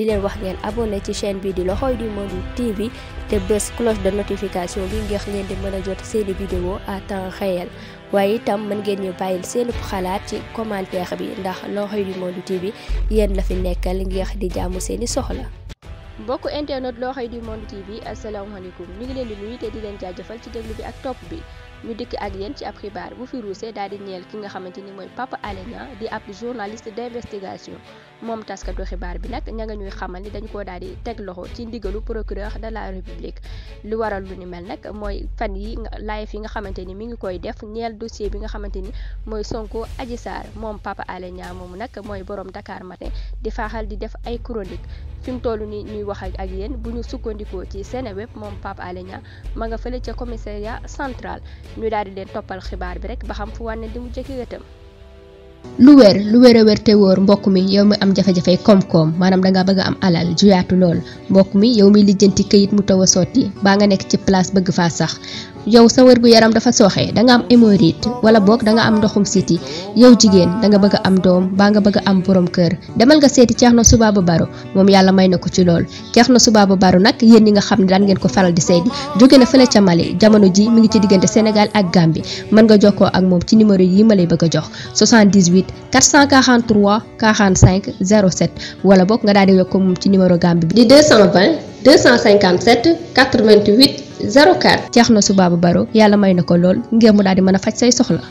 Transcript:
di leen wax ngeen abonné ci chaîne bi di l'oreille du monde TV te bés cloche de notification bi ngir ngeen di mën a jot seeni vidéo à temps réel waaye itam mën ngeen ñu bàyyil seen xalaat ci commentaire bi ndax l'oreille du monde TV yéen la fi nekkal ngir di jaamu seeni soxla. mbokku internet l'oreille du monde TV asalaamaaleykum ñu ngi leen di nuyu te di leen jaajëfal ci déglu bi ak topp bi. ñu dikk ak yéen ci ab xibaar bu fi ruusee daal di ñeel ki nga xamante ni mooy Pape Alé Niang di ab journaliste d'investigation moom taskatu xibaar bi nag ña nga ñuy xamal ni dañu ko daal di teg loxo ci ndigalu procureur de la république lu waral lu ni mel nag mooy fan yi live yi nga xamante ni mi ngi koy def ñeel dossier bi nga xamante ni mooy Sonko aji Sarr moom Pape Alé Niang moomu nag mooy borom Dakar Matin di faaxal di def ay chronique fi mu toll ni ñuy wax ak yéen bu ñu sukkandikoo ci Seneweb moom Pape Alé Niang ma nga fële ca commissariat central ñu daal di leen toppal xibaar bi rek ba xam fu wànne di mu jëkki wetam lu wér lu wér a wér te wóor mbokk mi yow mi am jafe-jafey koom-koom maanaam dangaa bëgg a am alal juyaatu lool mbokk mi yow mi lijjanti këyit mu taw a sotti baa nga nekk ci place bëgg faa sax yow sa wér gu yaram dafa sooxe danga am hémorroïde wala boog danga am ndoxum siti yow jigéen danga bëgg am doom baa nga bëgg am borom kër demal nga seeti Thierno Soubaba Baro moom yàlla may na ko ci lool Thierno Soubaba Baro nag yéen ñi nga xam ne daan ngeen ko faral di seydi jóge na fële jamono ji mi ngi ci diggante Sénégal ak Gambie mën nga jokkoo ak moom ci numéro yi ma lay bëgg a jox 78 443 45 07 wala boog nga daal di yokk moom ci numéro Gambie bi di 220 257 88 04. jeex na su Baba Baro yàlla may na ko lool ngir mu daal di mën a faj say soxla.